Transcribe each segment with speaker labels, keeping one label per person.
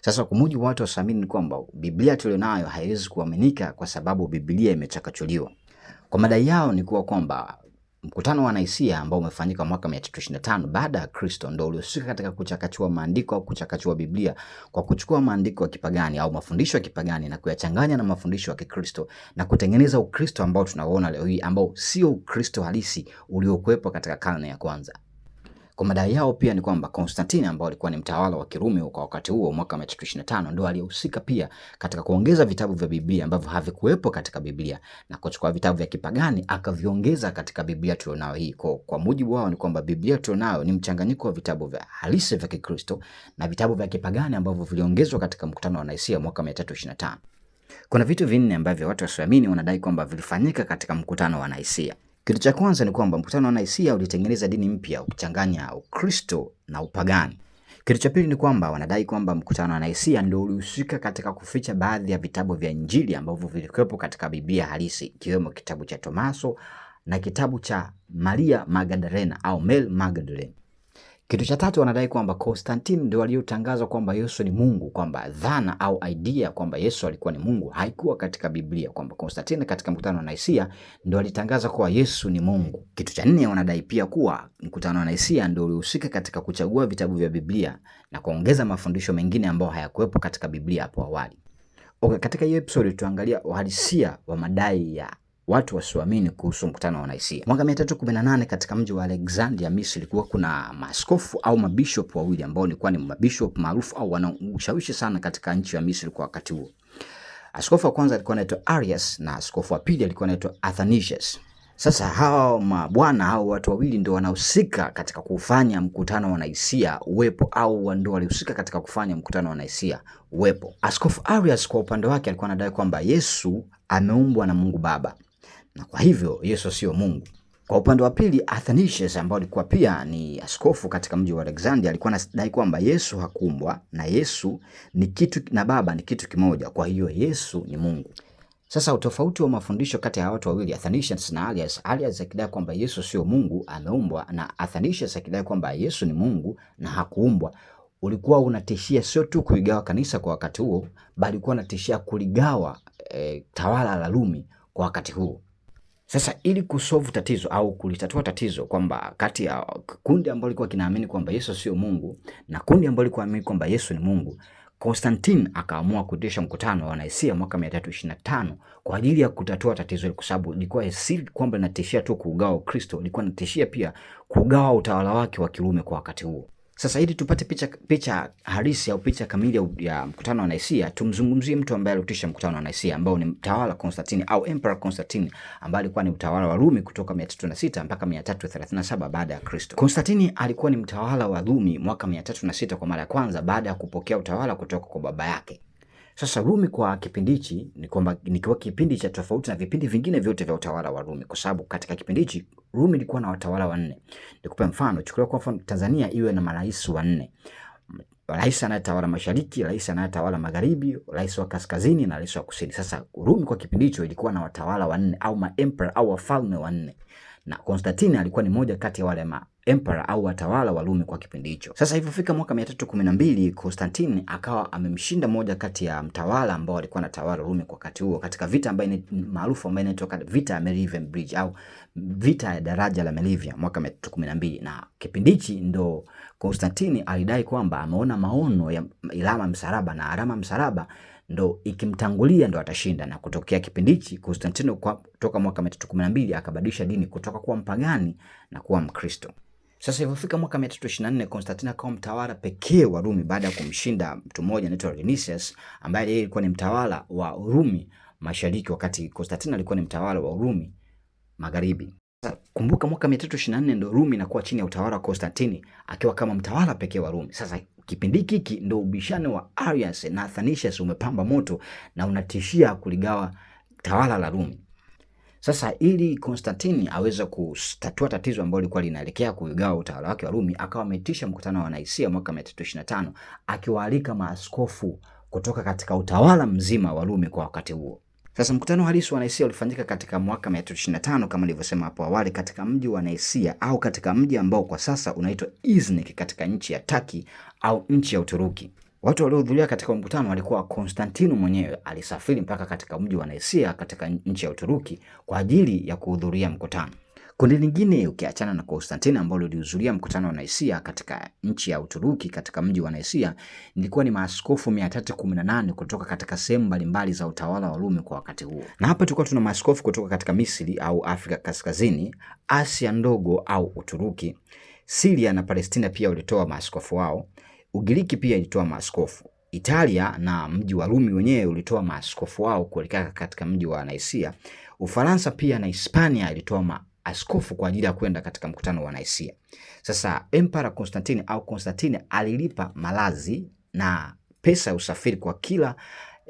Speaker 1: Sasa kwa mujibu watu wasamini ni kwamba Biblia tulionayo haiwezi kuaminika kwa sababu Biblia imechakachuliwa. Kwa madai yao ni kuwa kwamba mkutano wa naisia ambao umefanyika mwaka 325 baada ya Kristo ndio uliohusika katika kuchakachua maandiko au kuchakachua Biblia kwa kuchukua maandiko ya kipagani au mafundisho ya kipagani na kuyachanganya na mafundisho ya Kikristo na kutengeneza Ukristo ambao tunaoona leo hii ambao sio Ukristo halisi uliokuwepo katika karne ya kwanza. Kwa madai yao pia ni kwamba Konstantin ambao alikuwa ni mtawala wa Kirumi kwa wakati huo mwaka 325 ndio aliyehusika pia katika kuongeza vitabu vya Biblia ambavyo havikuwepo katika Biblia na kuchukua vitabu vya kipagani akaviongeza katika Biblia tulionayo hii. Kwa, kwa mujibu wao ni kwamba Biblia tulionayo ni mchanganyiko wa vitabu vya halisi vya Kikristo na vitabu vya kipagani ambavyo viliongezwa katika mkutano wa Nicaea mwaka 325. Kuna vitu vinne ambavyo watu wasioamini wanadai kwamba vilifanyika katika mkutano wa Nicaea. Kitu cha kwanza ni kwamba mkutano wa Nikaia ulitengeneza dini mpya ukichanganya Ukristo na upagani. Kitu cha pili ni kwamba wanadai kwamba mkutano wa Nikaia ndio ulihusika katika kuficha baadhi ya vitabu vya Injili ambavyo vilikuwepo katika Biblia halisi ikiwemo kitabu cha Tomaso na kitabu cha Maria Magdalena au Mary Magdalene. Kitu cha tatu wanadai kwamba konstantin ndio aliyotangazwa kwamba Yesu ni Mungu, kwamba dhana au idea kwamba Yesu alikuwa ni Mungu haikuwa katika Biblia, kwamba konstantin katika mkutano wa naisia ndio alitangaza kuwa Yesu ni Mungu. Kitu cha nne wanadai pia kuwa mkutano wa Nisia ndio ulihusika katika kuchagua vitabu vya Biblia na kuongeza mafundisho mengine ambayo hayakuwepo katika Biblia hapo awali. Okay, katika hiyo episode tuangalia uhalisia wa madai ya watu wasioamini kuhusu mkutano wa Nicea. Mwaka 318 katika mji wa Alexandria, Misri, kulikuwa kuna maaskofu au mabishop wawili ambao walikuwa ni mabishop maarufu au wanaushawishi sana katika nchi ya Misri kwa wakati huo. Askofu wa kwanza alikuwa anaitwa Arius na askofu wa pili alikuwa anaitwa Athanasius. Sasa hawa mabwana hao watu wawili ndio wanahusika katika kufanya mkutano wa Nicea uwepo, au ndio walihusika katika kufanya mkutano wa Nicea uwepo. Askofu Arius kwa upande wake alikuwa anadai kwamba Yesu ameumbwa na Mungu Baba na kwa hivyo Yesu sio Mungu. Kwa upande wa pili, Athanasius ambaye alikuwa pia ni askofu katika mji wa Alexandria alikuwa anadai kwamba Yesu hakumbwa na Yesu ni kitu na Baba ni kitu kimoja, kwa hiyo Yesu ni Mungu. Sasa utofauti wa mafundisho kati ya watu wawili Athanasius na Arius, Arius akidai kwamba Yesu sio Mungu, ameumbwa na Athanasius akidai kwamba Yesu ni Mungu na hakuumbwa, ulikuwa unatishia sio tu kuigawa kanisa kwa wakati huo, bali ulikuwa unatishia kuligawa e, tawala la Rumi kwa wakati huo. Sasa ili kusolve tatizo au kulitatua tatizo kwamba kati ya kundi ambalo likuwa kinaamini kwamba Yesu sio Mungu na kundi ambalo likuwa kinaamini kwamba Yesu ni Mungu, Konstantin akaamua kuitisha mkutano wa Wanaisia mwaka 325 kwa ajili ya kutatua tatizo hili, kwa sababu ilikuwa si kwamba linatishia tu kuugawa Ukristo, ilikuwa linatishia pia kugawa utawala wake wa kirume kwa wakati huo. Sasa ili tupate picha, picha halisi au picha kamili ya mkutano wa Nicaea, tumzungumzie mtu ambaye alitisha mkutano wa Nicaea ambao ni mtawala Konstantini au Emperor Konstantini ambaye alikuwa ni utawala wa Rumi kutoka 336 mpaka 337 baada ya Kristo. Konstantini alikuwa ni mtawala wa Rumi mwaka 306 kwa mara ya kwanza baada ya kupokea utawala kutoka kwa baba yake. Sasa Rumi kwa kipindi hichi ni kwamba nikiwa kipindi cha tofauti na vipindi vingine vyote vya utawala wa Rumi, kwa sababu katika kipindi hichi Rumi ilikuwa na watawala wanne. Nikupe mfano, chukulia kwa mfano Tanzania iwe na marais wanne, rais anayetawala mashariki, rais anayetawala magharibi, rais wa kaskazini na rais wa kusini. Sasa Rumi kwa kipindi hicho ilikuwa na watawala wanne au maempera au wafalme wanne na Konstantini alikuwa ni moja kati ya wale ma emperor au watawala Warumi kwa kipindi hicho. Sasa ilipofika mwaka 312 Konstantini akawa amemshinda moja kati ya mtawala ambao walikuwa na tawala Rumi kwa wakati huo katika vita ambayo ni maarufu ambayo inaitwa vita ya Milvian Bridge au vita ya daraja la Milvian mwaka 312, na kipindi hichi ndo Konstantini alidai kwamba ameona maono ya ilama msalaba na alama msalaba ndo ikimtangulia ndo atashinda. Na kutokea kipindi hichi Konstantino toka mwaka 312 akabadilisha dini kutoka kuwa mpagani na kuwa Mkristo. Sasa ilipofika mwaka 324 Konstantino akawa mtawala pekee wa Rumi baada ya kumshinda mtu mmoja anaitwa Dionysius ambaye yeye alikuwa ni mtawala wa Rumi Mashariki, wakati Konstantino alikuwa ni mtawala wa Rumi Magharibi. Kumbuka mwaka 324 ndo Rumi inakuwa chini ya utawala wa Konstantini akiwa kama mtawala pekee wa Rumi. Sasa Kipindi hiki ndo ubishano wa Arius na Athanasius umepamba moto na unatishia kuligawa tawala la Rumi. Sasa ili Konstantini aweze kutatua tatizo ambalo lilikuwa linaelekea kuigawa utawala wake wa Rumi, akawa ametisha mkutano wa Wanaisia mwaka 325 akiwaalika maaskofu kutoka katika utawala mzima wa Rumi kwa wakati huo. Sasa mkutano halisi wa naisia ulifanyika katika mwaka 325 kama nilivyosema hapo awali katika mji wa Nicaea au katika mji ambao kwa sasa unaitwa Iznik katika nchi ya Taki au nchi ya Uturuki. Watu waliohudhuria katika mkutano walikuwa Konstantino mwenyewe alisafiri mpaka katika mji wa Nicaea katika nchi ya Uturuki kwa ajili ya kuhudhuria mkutano. Kundi lingine ukiachana na Konstantina ambao lilihudhuria mkutano wa Nicea katika nchi ya Uturuki katika mji wa Nicea nilikuwa ni maaskofu 318 kutoka katika sehemu mbalimbali za utawala wa Rumi kwa wakati huo. Na hapa tulikuwa tuna maaskofu kutoka katika Misri au Afrika Kaskazini, Asia ndogo au Uturuki, Siria na Palestina pia walitoa maaskofu wao. Ugiriki pia ilitoa maaskofu. Italia na mji wa Rumi wenyewe ulitoa maaskofu wao kuelekea katika mji wa Nicea. Ufaransa pia na Hispania ilitoa askofu kwa ajili ya kwenda katika mkutano wa Nicaea. Sasa Emperor Constantine au Constantine alilipa malazi na pesa ya usafiri kwa kila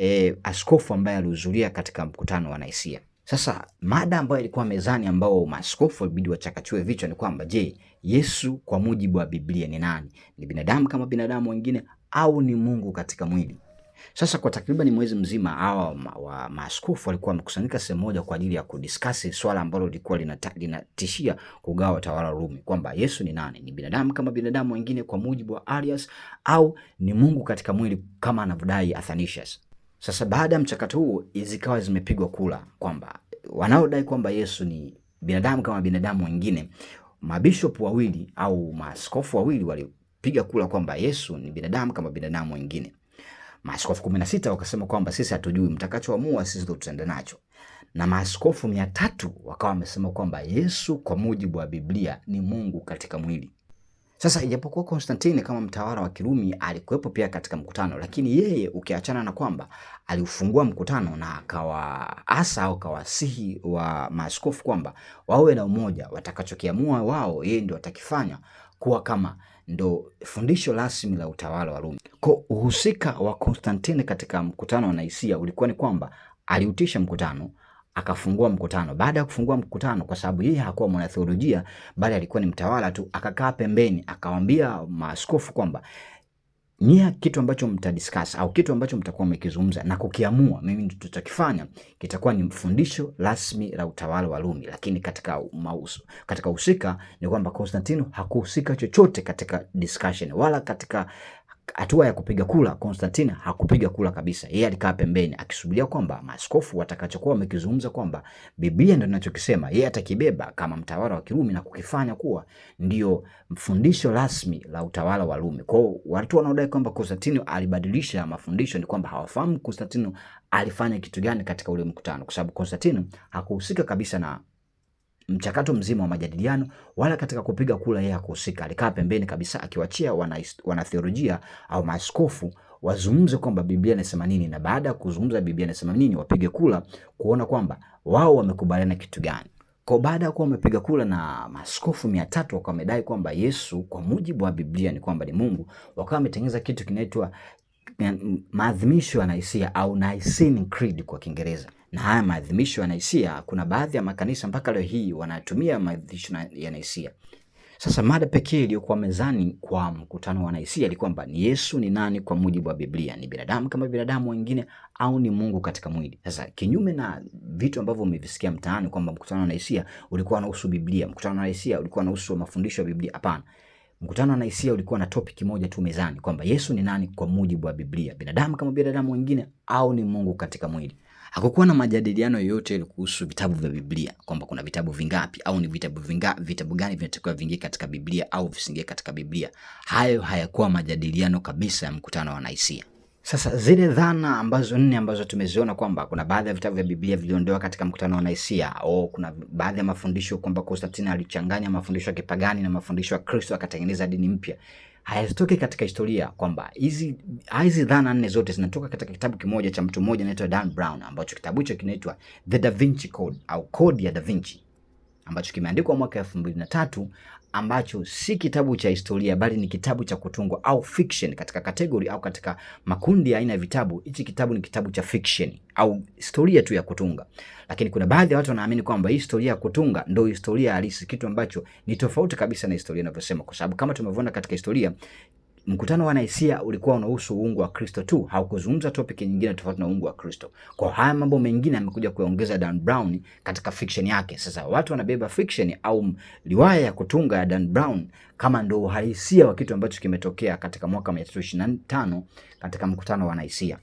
Speaker 1: e, askofu ambaye alihudhuria katika mkutano wa Nicaea. Sasa mada ambayo ilikuwa mezani ambao maaskofu ilibidi wachakachue vichwa ni kwamba je, Yesu kwa mujibu wa Biblia ni nani? Ni binadamu kama binadamu wengine au ni Mungu katika mwili? Sasa kwa takriban mwezi mzima hawa wa maaskofu walikuwa wamekusanyika sehemu moja kwa ajili ya kudiskasi swala ambalo lilikuwa linatishia kugawa utawala wa Rumi, kwamba Yesu ni nani? Ni binadamu kama binadamu wengine kwa mujibu wa Arius, au ni Mungu katika mwili kama anavyodai Athanasius? Sasa baada ya mchakato huu zikawa zimepigwa kula kwamba wanaodai kwamba Yesu ni binadamu kama binadamu wengine, mabishop wawili au maaskofu wawili walipiga kula kwamba Yesu ni binadamu kama binadamu wengine. Maaskofu 16 wakasema kwamba sisi hatujui, mtakachoamua sisi ndo tutaenda nacho, na maaskofu mia tatu wakawa wamesema kwamba Yesu kwa mujibu wa Biblia ni Mungu katika mwili. Sasa ijapokuwa Konstantini kama mtawala wa Kirumi alikuwepo pia katika mkutano, lakini yeye ukiachana na kwamba aliufungua mkutano na akawaasa au kawasihi wa maaskofu kwamba wawe na umoja, watakachokiamua wao yeye ndio watakifanya kuwa kama ndo fundisho rasmi la utawala wa Rumi. Kwa uhusika wa Konstantini katika mkutano wa Nisia ulikuwa ni kwamba aliutisha mkutano akafungua mkutano. Baada ya kufungua mkutano, kwa sababu yeye hakuwa mwanatheolojia, bali alikuwa ni mtawala tu, akakaa pembeni, akawambia maaskofu kwamba nia kitu ambacho mtadiscuss au kitu ambacho mtakuwa mmekizungumza na kukiamua, mimi ndio tutakifanya, kitakuwa ni fundisho rasmi la utawala wa Rumi. Lakini katika mausu, katika husika ni kwamba Konstantino hakuhusika chochote katika discussion wala katika hatua ya kupiga kula Konstantina hakupiga kula kabisa. Yeye alikaa pembeni akisubiria kwamba maaskofu watakachokuwa wamekizungumza kwamba Biblia ndio inachokisema, yeye atakibeba kama mtawala wa Kirumi na kukifanya kuwa ndio mfundisho rasmi la utawala wa Rumi. Kwa hiyo watu wanaodai kwamba Konstantino alibadilisha mafundisho ni kwamba hawafahamu Konstantino alifanya kitu gani katika ule mkutano, kwa sababu Konstantino hakuhusika kabisa na mchakato mzima wa majadiliano wala katika kupiga kura yeye hakuhusika. Alikaa pembeni kabisa akiwachia wanatheolojia au maaskofu wazungumze kwamba Biblia inasema nini, na baada ya kuzungumza Biblia inasema nini, wapige kura kuona kwamba wao wamekubaliana kitu gani. Kwa baada ya kuwa wamepiga kura na maaskofu mia tatu wakawa wamedai kwamba Yesu kwa mujibu wa Biblia ni kwamba ni Mungu, wakawa wametengeneza kitu kinaitwa eh, maadhimisho ya Naisia au Nicene Creed kwa Kiingereza na haya maadhimisho ya hisia. Kuna baadhi ya makanisa mpaka leo hii wanatumia maadhimisho ya hisia. Sasa mada pekee iliyokuwa mezani kwa mkutano wa wanahisia ni kwamba ni Yesu ni nani kwa mujibu wa Biblia? Ni binadamu kama binadamu wengine au ni Mungu katika mwili? Sasa kinyume na vitu ambavyo umevisikia mtaani kwamba mkutano wa wanahisia ulikuwa unahusu Biblia, mkutano wa wanahisia ulikuwa unahusu mafundisho ya Biblia, hapana. Mkutano wa wanahisia ulikuwa na topic moja tu mezani kwamba Yesu ni nani kwa mujibu wa Biblia? Binadamu kama binadamu wengine au ni Mungu katika mwili? Hakukuwa na majadiliano yoyote kuhusu vitabu vya Biblia kwamba kuna vitabu vingapi au ni vitabu vinga, vitabu gani vinatakiwa vingie katika Biblia au visingie katika Biblia. Hayo hayakuwa majadiliano kabisa ya mkutano wa naisia Sasa zile dhana ambazo nne ambazo tumeziona kwamba kuna baadhi ya vitabu vya Biblia viliondoa katika mkutano wa naisia au kuna baadhi ya mafundisho kwamba Konstantini alichanganya mafundisho ya kipagani na mafundisho ya Kristo akatengeneza dini mpya hayatoki katika historia, kwamba hizi hizi dhana nne zote zinatoka katika kitabu kimoja cha mtu mmoja anaitwa Dan Brown, ambacho kitabu hicho kinaitwa The Da Vinci Code au Code ya Da Vinci ambacho kimeandikwa mwaka elfu mbili na tatu ambacho si kitabu cha historia bali ni kitabu cha kutungwa au fiction katika kategori au katika makundi ya aina ya vitabu. Hichi kitabu ni kitabu cha fiction au historia tu ya kutunga, lakini kuna baadhi ya watu wanaamini kwamba hii historia ya kutunga ndio historia halisi, kitu ambacho ni tofauti kabisa na historia inavyosema, kwa sababu kama tumevona katika historia mkutano wa naisia ulikuwa unahusu uungu wa Kristo tu, haukuzungumza topic nyingine tofauti na uungu wa Kristo. Kwa haya mambo mengine amekuja kuyaongeza Dan Brown katika fiction yake. Sasa watu wanabeba fiction au riwaya ya kutunga ya Dan Brown kama ndio uhalisia wa kitu ambacho kimetokea katika mwaka 1925 katika mkutano wa naisia